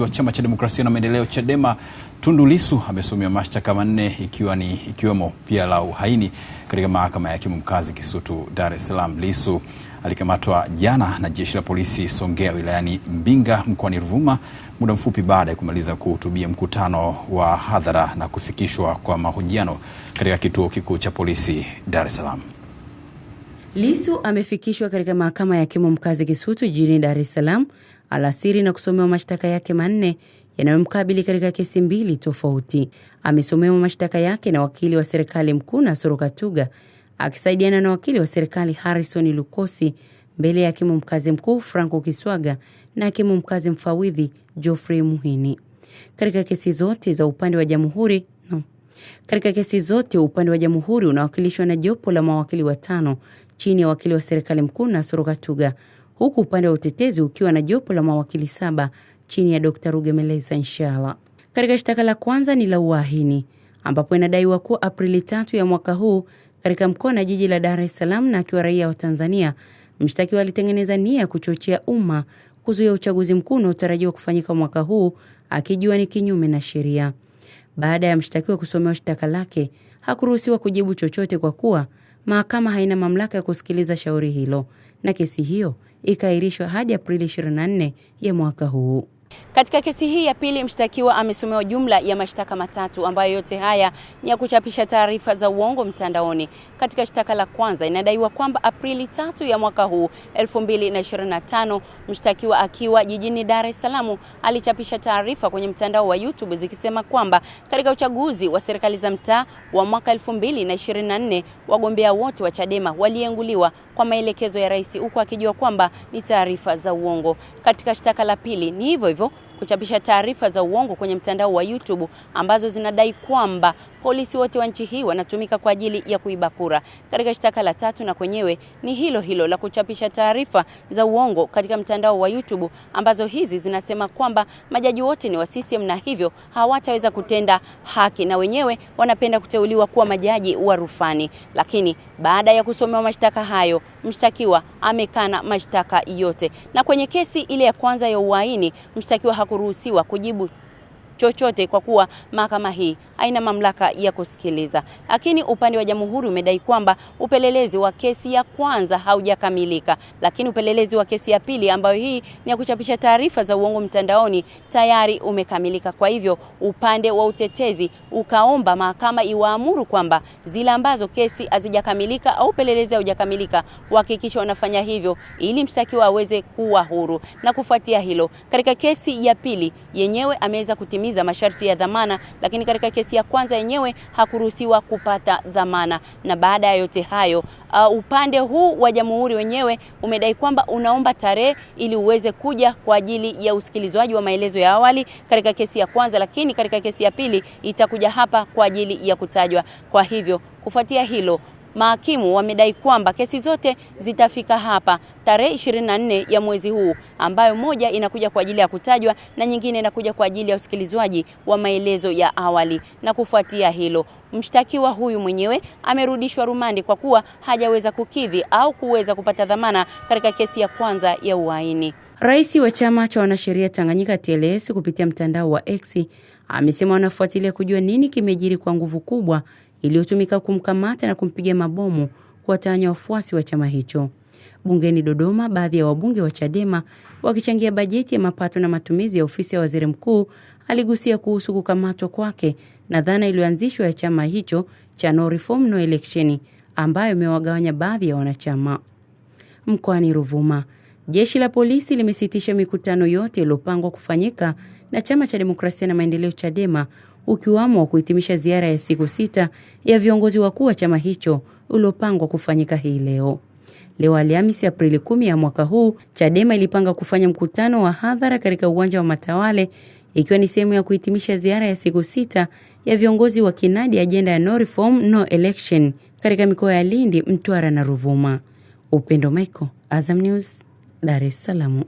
mwenyekiti wa chama cha demokrasia na maendeleo Chadema Tundu Lissu amesomewa mashtaka manne ikiwa ni ikiwemo pia la uhaini katika mahakama ya hakimu mkazi Kisutu Dar es Salaam. Lissu alikamatwa jana na jeshi la polisi Songea wilayani Mbinga mkoani Ruvuma muda mfupi baada ya kumaliza kuhutubia mkutano wa hadhara na kufikishwa kwa mahojiano katika kituo kikuu cha polisi Dar es Salaam. Lissu amefikishwa katika mahakama ya hakimu mkazi Kisutu jijini Dar es Salaam alasiri na kusomewa mashtaka yake manne yanayomkabili katika kesi mbili tofauti. Amesomewa mashtaka yake na wakili wa serikali mkuu Nasoro Katuga akisaidiana na wakili wa serikali Harrison Lukosi mbele ya hakimu mkazi mkuu Franco Kiswaga na hakimu mkazi mfawidhi Geoffrey Muhini. Katika kesi zote za upande wa jamhuri no. Katika kesi zote upande wa jamhuri unawakilishwa na jopo la mawakili watano chini ya wakili wa serikali mkuu Nasoro Katuga huku upande wa utetezi ukiwa na jopo la mawakili saba chini ya Dkt. Rugemeleza Nshala. Katika shtaka la kwanza ni la uwahini ambapo inadaiwa kuwa Aprili tatu ya mwaka huu katika mkoa na jiji la Dar es Salaam, na akiwa raia wa Tanzania, mshtakiwa alitengeneza nia ya kuchochea umma kuzuia uchaguzi mkuu unaotarajiwa kufanyika mwaka huu akijua ni kinyume na sheria. Baada ya mshtakiwa kusomewa shtaka lake, hakuruhusiwa kujibu chochote kwa kuwa mahakama haina mamlaka ya kusikiliza shauri hilo na kesi hiyo ikaahirishwa hadi Aprili 24 ya mwaka huu. Katika kesi hii ya pili, mshtakiwa amesomewa jumla ya mashtaka matatu ambayo yote haya ni ya kuchapisha taarifa za uongo mtandaoni. Katika shtaka la kwanza, inadaiwa kwamba Aprili tatu ya mwaka huu 2025, mshtakiwa akiwa jijini Dar es Salaam alichapisha taarifa kwenye mtandao wa YouTube zikisema kwamba katika uchaguzi wa serikali za mtaa wa mwaka 2024, wagombea wote wa Chadema walienguliwa kwa maelekezo ya rais, huku akijua kwamba ni taarifa za uongo. Katika shtaka la pili ni hivyo todo kuchapisha taarifa za uongo kwenye mtandao wa YouTube ambazo zinadai kwamba polisi wote wa nchi hii wanatumika kwa ajili ya kuiba kura. Katika shtaka la tatu na kwenyewe ni hilo hilo la kuchapisha taarifa za uongo katika mtandao wa YouTube ambazo hizi zinasema kwamba majaji wote ni wa CCM na hivyo hawataweza kutenda haki na wenyewe wanapenda kuteuliwa kuwa majaji wa rufani. Lakini baada ya kusomewa mashtaka hayo, mshtakiwa amekana mashtaka yote, na kwenye kesi ile ya kwanza ya uhaini mshtakiwa kuruhusiwa kujibu chochote kwa kuwa mahakama hii haina mamlaka ya kusikiliza. Lakini upande wa jamhuri umedai kwamba upelelezi wa kesi ya kwanza haujakamilika, lakini upelelezi wa kesi ya pili ambayo hii ni ya kuchapisha taarifa za uongo mtandaoni tayari umekamilika. Kwa hivyo upande wa utetezi ukaomba mahakama iwaamuru kwamba zile ambazo kesi hazijakamilika au upelelezi haujakamilika uhakikisha wanafanya hivyo ili mshtakiwa aweze kuwa huru. Na kufuatia hilo, katika kesi ya pili yenyewe ameweza kutimiza masharti ya dhamana, lakini katika kesi kesi ya kwanza yenyewe hakuruhusiwa kupata dhamana. Na baada ya yote hayo, uh, upande huu wa jamhuri wenyewe umedai kwamba unaomba tarehe ili uweze kuja kwa ajili ya usikilizwaji wa maelezo ya awali katika kesi ya kwanza, lakini katika kesi ya pili itakuja hapa kwa ajili ya kutajwa. Kwa hivyo kufuatia hilo Mahakimu wamedai kwamba kesi zote zitafika hapa tarehe 24 ya mwezi huu, ambayo moja inakuja kwa ajili ya kutajwa na nyingine inakuja kwa ajili ya usikilizwaji wa maelezo ya awali. Na kufuatia hilo, mshtakiwa huyu mwenyewe amerudishwa rumandi kwa kuwa hajaweza kukidhi au kuweza kupata dhamana katika kesi ya kwanza ya uhaini. Rais wa chama cha wanasheria Tanganyika TLS kupitia mtandao wa X amesema wanafuatilia kujua nini kimejiri kwa nguvu kubwa iliyotumika kumkamata na kumpiga mabomu kuwatawanya wafuasi wa chama hicho. Bungeni Dodoma, baadhi ya wabunge wa Chadema wakichangia bajeti ya mapato na matumizi ya ofisi ya waziri mkuu, aligusia kuhusu kukamatwa kwake na dhana iliyoanzishwa ya chama hicho cha no reform no election, ambayo imewagawanya baadhi ya wanachama. Mkoani Ruvuma, jeshi la polisi limesitisha mikutano yote iliyopangwa kufanyika na chama cha demokrasia na maendeleo Chadema ukiwamo wa kuhitimisha ziara ya siku sita ya viongozi wakuu wa chama hicho uliopangwa kufanyika hii leo. Leo Alhamisi Aprili kumi ya mwaka huu, Chadema ilipanga kufanya mkutano wa hadhara katika uwanja wa Matawale ikiwa ni sehemu ya kuhitimisha ziara ya siku sita ya viongozi wa kinadi ajenda ya no reform no election katika mikoa ya Lindi, Mtwara na Ruvuma. Upendo Michael, Azam News, Dar es Salaam.